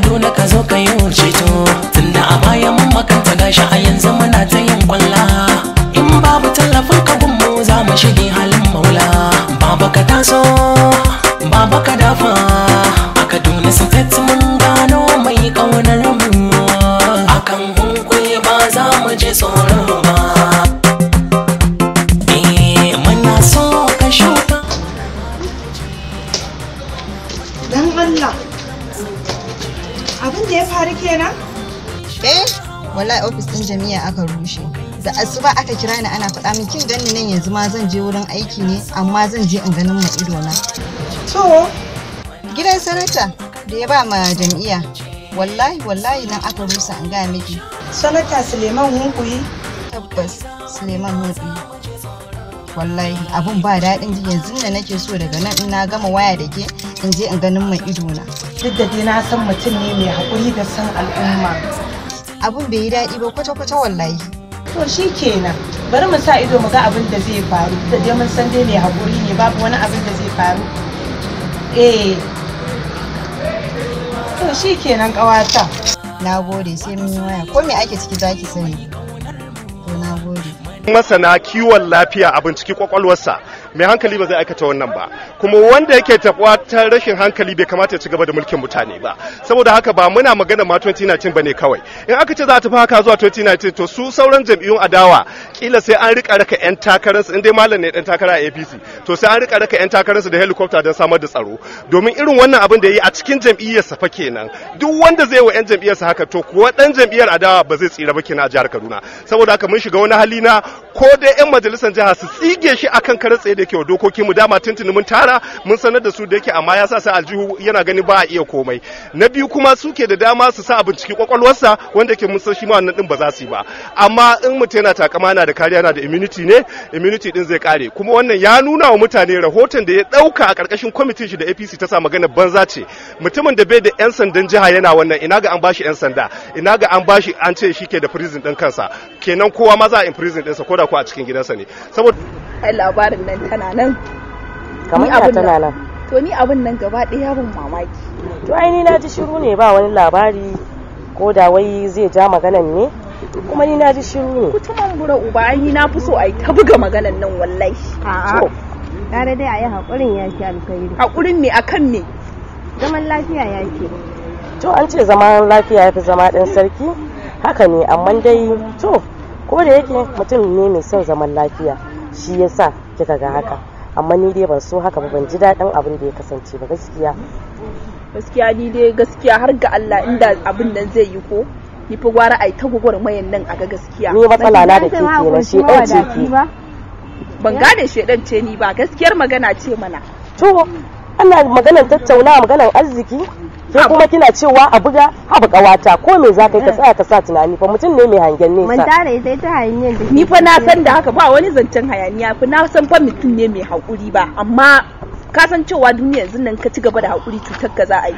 kaduna ka zo ka yi ceto tunda a baya mun makanta gashi a yanzu muna ta yin kwalla in babu tallafin ka mu za mu shige halin maula baba ka taso baba ka dafa a kaduna state mun gano mai kaunar mu akan hunkuri ba za mu je tsoron jami'a aka rushe da asuba aka kira ni ana faɗa min kin gani nan yanzu ma zan je wurin aiki ne amma zan je in ganin ma ido na to gidan sanata da ya ba ma jami'a wallahi wallahi nan aka rusa an ga miki sanata suleiman hunkuyi tabbas suleiman hunkuyi wallahi abun ba daɗin ji yanzu da nake so daga nan in na gama waya da ke in je in ganin ma ido na duk da dai na san mutum ne mai haƙuri da san al'umma Abin bai yi daɗi ba kwata-kwata wallahi to shi kenan bari mu sa ido mu ga abin da zai faru da dai mun san dai mai haƙuri ne babu wani abin da zai faru eh to shi kenan ƙawata na gode sai mun yi waya ko me ake ciki zaki sani to na gode masana kiwon lafiya a binciki kwakwalwarsa mai hankali ba zai aikata wannan ba kuma wanda yake tabuwa ta rashin hankali bai kamata ya ci gaba da mulkin mutane ba saboda haka ba muna magana ma 2019 bane kawai in aka ce za a tafi haka zuwa 2019 to su sauran jam'iyyun adawa kila sai an rika raka yan takarar su indai malam ne dan takara a APC to sai an rika raka yan su da helicopter don samar da tsaro domin irin wannan abin da yayi a cikin jamiyyar sa fa kenan duk wanda zai wa yan sa haka to kuwa dan jam'iyyar adawa ba zai tsira ba kenan a jihar Kaduna saboda haka mun shiga wani hali na ko dai yan majalisar jiha su tsige shi akan karatsaye da yake wa dokoki mu dama tuntuni mun tara mun sanar da su da yake amma ya sa sai aljihu yana gani ba a iya komai na biyu kuma suke da dama su sa a binciki kwakwalwarsa wanda yake mun san shi ma wannan din ba za su yi ba amma in mutum yana takama na da kariya na da immunity ne immunity din zai kare kuma wannan ya nuna wa mutane rahoton da ya dauka a karkashin kwamitin shi da APC ta sa magana banza ce mutumin da bai da yan sandan jiha yana wannan ina ga an bashi yan sanda ina ga an bashi an ce shi ke da prison din kansa kenan kowa ma za a imprison din sa ko da ko a cikin gidansa ne saboda ai labarin nan tana nan kamar ya tana nan to ni abin nan gaba ɗaya yaron mamaki to ai ni na ji shiru ne ba wani labari ko da wai zai ja maganan ne kuma ni na ji shiru ne kutuman bura uba ai yi na fi so ai ta buga maganan nan wallahi a'a kare dai a yi haƙurin ya ke alkhairi hakurin me akan me zaman lafiya ya ke to an ce zaman lafiya ya fi zama ɗan sarki haka ne amma dai to ko da yake mutum ne mai son zaman lafiya shi ya sa kika ga haka amma ni dai ban so haka ba ban ji daɗin abin da ya kasance ba gaskiya gaskiya ni dai gaskiya har ga Allah inda abin nan zai yi ko ni fa gwara ai ta mayan nan a ga gaskiya ni matsala na da ke na, shi dan ce ke ban gane shi dan ce ni ba gaskiyar magana ce mana to ana maganar tattaunawa maganar arziki ko kuma kina cewa a buga haba ƙawata? ko me za ka yi ka tsaya ka sa tunani fa mutum ne mai hangen nesa mun tare ita ta hayaniyar da ni fa na san da haka ba wani zancen hayaniya fa na san fa mutum ne mai hakuri ba amma ka san cewa duniya yanzu nan ka ci gaba da hakuri cutar ka za a yi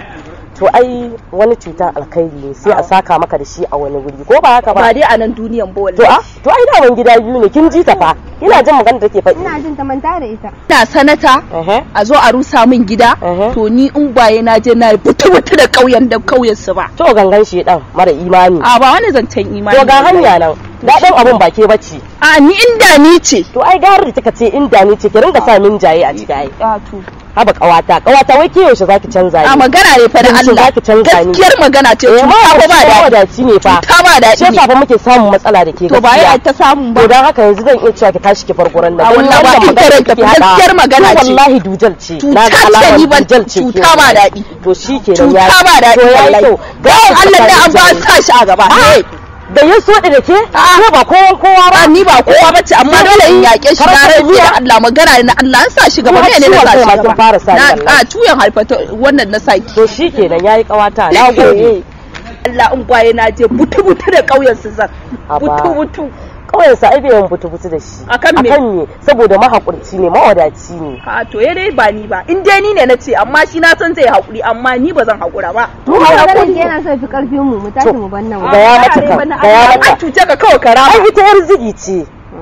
to ai wani cutar alkhairi ne sai a saka maka da shi a wani wuri ko ba haka ba ba dai a nan duniyan bowl to a ah, to ai daman gida biyu ne kin ji ta fa ina jin magana take faɗi ina jin ta manta da ita ina sanata a zo a rusa min gida to ni in baye na je na butu butu da kauyen da kauyen su ba to gangan shi dan mara imani a ba wani zancen imani to ga hanya nan da dan abun ba ke bacci. A ni inda ni ce. To ai garar da kika ce inda ni ce ki ringa sa min jaye a ciki ai. haba kawata kawata wai ke yaushe zaki canza ni a magana ne fa da Allah zaki canza ni gaskiyar magana ce eh, ta ba ba da da ci ne fa ta ba da ci ne fa muke samun matsala da ke to ba ya ta samu ba dan haka yanzu zan iya cewa ki tashi ki farko nan a wallahi ba ki kare ta gaskiyar magana ce wallahi dujal ce na ga alama dujal ce cuta ba da daɗi to shikenan ya cuta ba daɗi wallahi to ga Allah da an ba sa shi a gaba eh da ya so da ke ah. ko ba kowa kowa ba ah, ni ba kowa bace amma dole in yake shi na rabi da Allah magana ne Allah an sa shi gaba ne ne da sa shi gaba fara sa na a tuyan ah, halfato wannan na saki to shikenan yayi kawata na eh, eh. Allah in gwaye na je butu butu da kauyen su zan butu butu kawai sa ai bai yawan butu butu da shi akan me saboda mahakurci ne mawadaci ne a to ya eh dai ba ni ba in dai ni ne na ce amma shi na san zai hakuri amma ni ba zan hakura ba to hakuri yana so fi karfin mu mu tashi mu bannan ga ya mata ka ga ya mata a cuce ka kawai kara ai ita yar zigi ce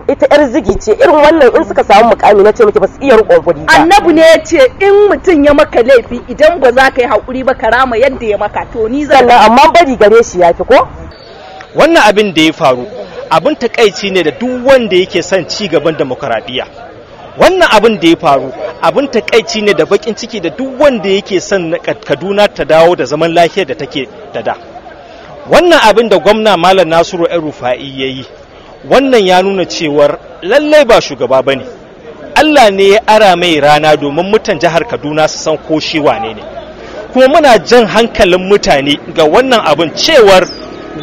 ita yar zigi ce irin wannan in suka samu mukami na ce miki ba su iya rikon kudi ba annabi ne ya ce in mutum ya maka laifi idan ba za ka yi hakuri ba karama yadda ya maka to ni zan amma bari gare shi yafi ko wannan abin da ya faru abin takaici ne da duk wanda yake son ci gaban demokaradiyya wannan abin da ya faru abin takaici ne da bakin ciki da duk wanda yake son kaduna ta dawo da zaman lafiya da take da da wannan abin da gwamna malam nasiru yan rufa'i ya yi wannan ya nuna cewar lallai ba shugaba ba ne allah ne ya ara mai rana domin mutan jihar kaduna su san ko shi wane ne kuma muna jan hankalin mutane ga wannan abin cewar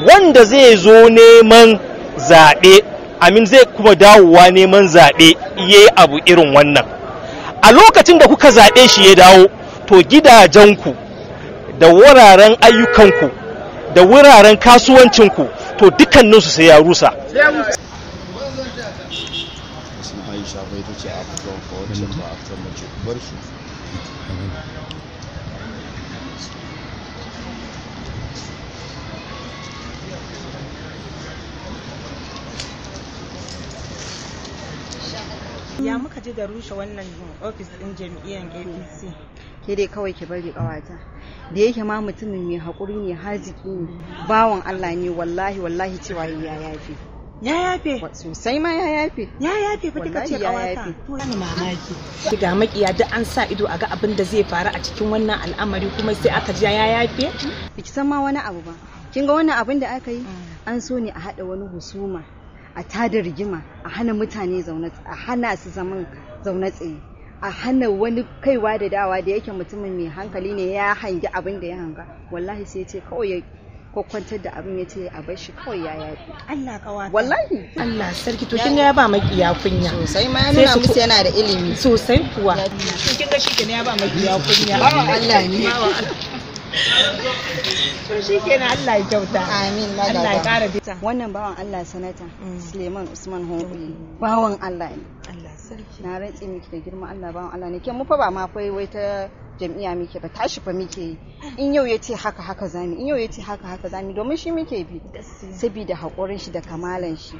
wanda zai zo neman zaɓe amin zai kuma dawowa neman zaɓe ya abu irin wannan a lokacin da kuka zaɓe shi ya dawo to gidajenku da wuraren ayyukanku da wuraren kasuwancinku to dukkaninsu sai ya rusa ya muka ji da rushe wannan ofis din jam'iyyar apc ke dai kawai ki bari kawata da yake ma mutumin mai haƙuri ne haziki ne bawan allah ne wallahi wallahi cewa ya yafe ya yafe sosai ma ya yafe ya yafe fa kika ce kawata wani mamaki ga makiya duk an sa ido a ga abin da zai faru a cikin wannan al'amari kuma sai aka ji ya yafe ki san ma wani abu ba kin ga wannan abin da aka yi mm. an so ne a haɗa wani husuma a tada rigima a hana mutane zaune a hana su zaman zaune tsaye a hana wani kaiwa da dawa da yake mutumin mai hankali ne ya hangi abin da ya hanga wallahi sai ce kawai ya kwakwantar da abin ya ce a bar shi kawai ya yaɗu. Allah kawa wallahi Allah sarki to kin ga ya ba makiya kunya sosai ma nuna musu yana da ilimi sosai kuwa kin ga shi ya ba makiya kunya Allah ne to shi kenan Allah ya kyauta amin Allah ya kara bita wannan bawan Allah sanata mm. Suleiman Usman Honkuli bawan Allah ne Allah sarki na rantsi miki da girma Allah bawan Allah ne kin mu fa ba ma fai wai ta jam'iyya muke ba tashi fa muke yi in yau ya ce haka haka zami in yau ya ce haka haka zami domin shi muke bi saboda haƙurin shi da kamalan shi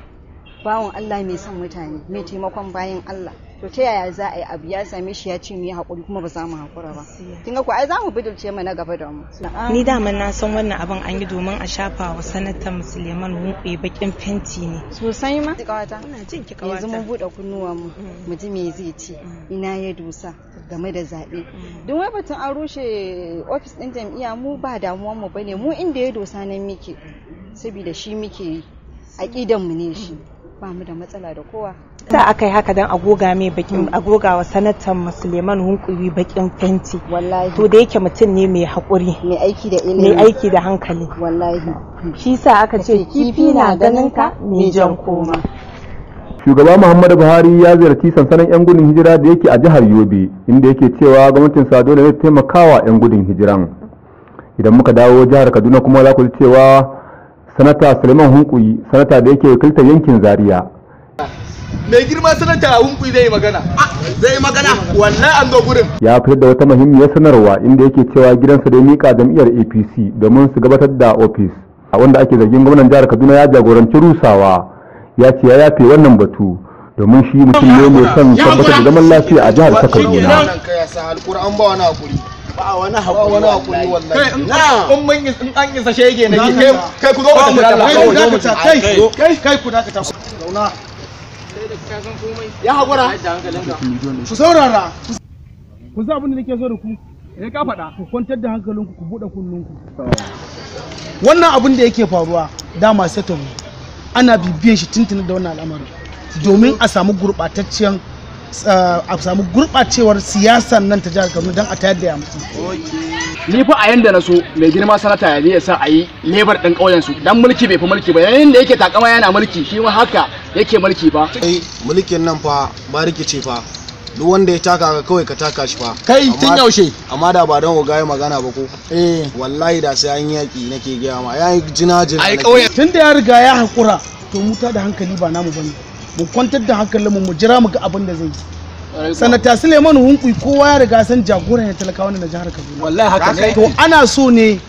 bawan Allah mai son mutane mai taimakon bayan Allah to ta yaya za a yi abu ya same shi ya ce mu yi hakuri kuma ba za mu hakura ba Kinga ga ko ai za mu bidirce ma na gaba da mu ni dama na san wannan abin an yi domin a shafa wa sanata musulman hunkuyi bakin fenti ne sosai ma kawata yanzu mun bude kunnuwan mu mm. mu ji me zai ci mm. ina ya dusa game da zaɓe mm. don wai batun an rushe ofis ɗin jam'iyya mu ba damuwan mu bane mu inda ya dosa nan muke saboda shi muke yi aƙidan mu ne shi ba mu da matsala da kowa sa aka yi haka dan agoga mai bakin agoga wa sanatan musulman hunkuri bakin fenti to da yake mutum ne mai haƙuri mai aiki da hankali shi sa aka ce kifi na ganin ka mai jan koma shugaba muhammadu buhari ya ziyarci sansanin 'yan gudun hijira da yake a jihar yobe inda yake cewa gwamnatin sa dole zai taimakawa 'yan gudun hijiran idan muka dawo jihar kaduna kuma za ku ji cewa sanata suleiman hunkuyi sanata da yake wakiltar yankin zaria mai girma sanata hunku ah, zai magana zai magana wannan an ga gurin ya fitar da wata muhimmiyar sanarwa inda yake cewa gidansa da mika jam'iyyar APC domin su gabatar da ofis, a wanda ake zargin gwamnan jihar Kaduna ya jagoranci rusawa ya ce ya yafe wannan batu domin shi mutum ne mai son tabbatar da zaman lafiya a jihar ta Kaduna ba a ya haƙura ku saurara ku za abin da nake so da ku ya eh, ka faɗa ku kwantar da hankalinku ku buɗe kunnunku wannan abin da yake faruwa dama seto ne ana bibiyan shi tuntuni da wannan al'amarin domin a samu gurɓataccen eh, a samu gurɓacewar siyasar nan ta jihar kaduna don a tayar da yamutsi ni fa a yanda na so mai girma sanata ya je ya sa a yi lebar ɗin ƙauyen su dan mulki bai fi mulki ba yayin da yake takama yana mulki shi ma haka yake mulki ba kai mulkin nan fa ba rikice fa duk wanda ya taka ka kawai ka taka shi fa kai tun yaushe amma da ba don oga ya magana ba ko eh wallahi da sai an yaki nake gaya ma yayi jina jina ai ƙauyen tun da ya riga ya hakura to muta da hankali ba namu bane mu kwantar da hankalinmu mu jira mu ga abin da zai yi sanata suleiman hunkuyi kowa ya riga san jagoran ya talakawa na jihar kaduna wallahi haka ne to ana so ne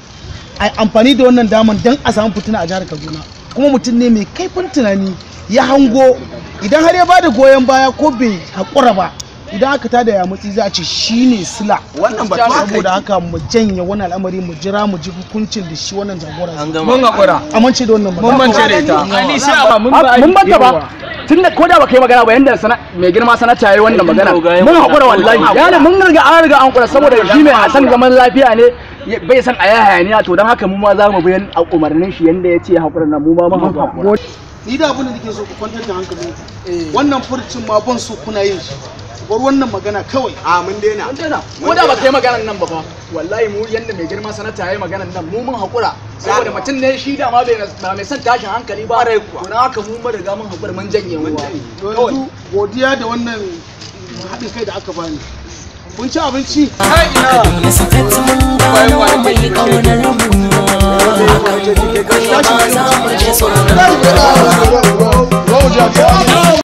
a amfani da wannan daman dan a samu fitina a jihar kaduna kuma mutum ne mai kaifin tunani ya hango idan har ya bada goyon baya ko bai hakura ba idan aka tada ya matsi za a ce shine sila wannan ba saboda haka mu janye wannan al'amari mu jira mu ji hukuncin da shi wannan jagora mun hakura amince da wannan mun mance da ita mun banta ah, ba tunda ko da ba kai magana ba yanda sana mai girma sanata yayi wannan magana mun hakura wallahi yana mun riga an riga an kula saboda shi mai hasan zaman lafiya ne bai san a yaya to don haka mu ma za mu bayan a umarnin shi yanda ya ce hakurin nan mu ma mu hakura ni da abin da nake so ku kwantar da hankali eh. wannan furcin ma ban so kuna yin shi bar wannan magana kawai a mun daina mun dena ko da ba kai maganan nan ba wallahi mu yanda mai girma sanata yayi maganan nan mu mun hakura saboda mutum ne shi da ma bai ba mai son tashin hankali ba rai kuwa don haka mu mun riga mun hakura mun janye mu yanzu godiya da wannan haɗin kai da aka bani kun ci abinci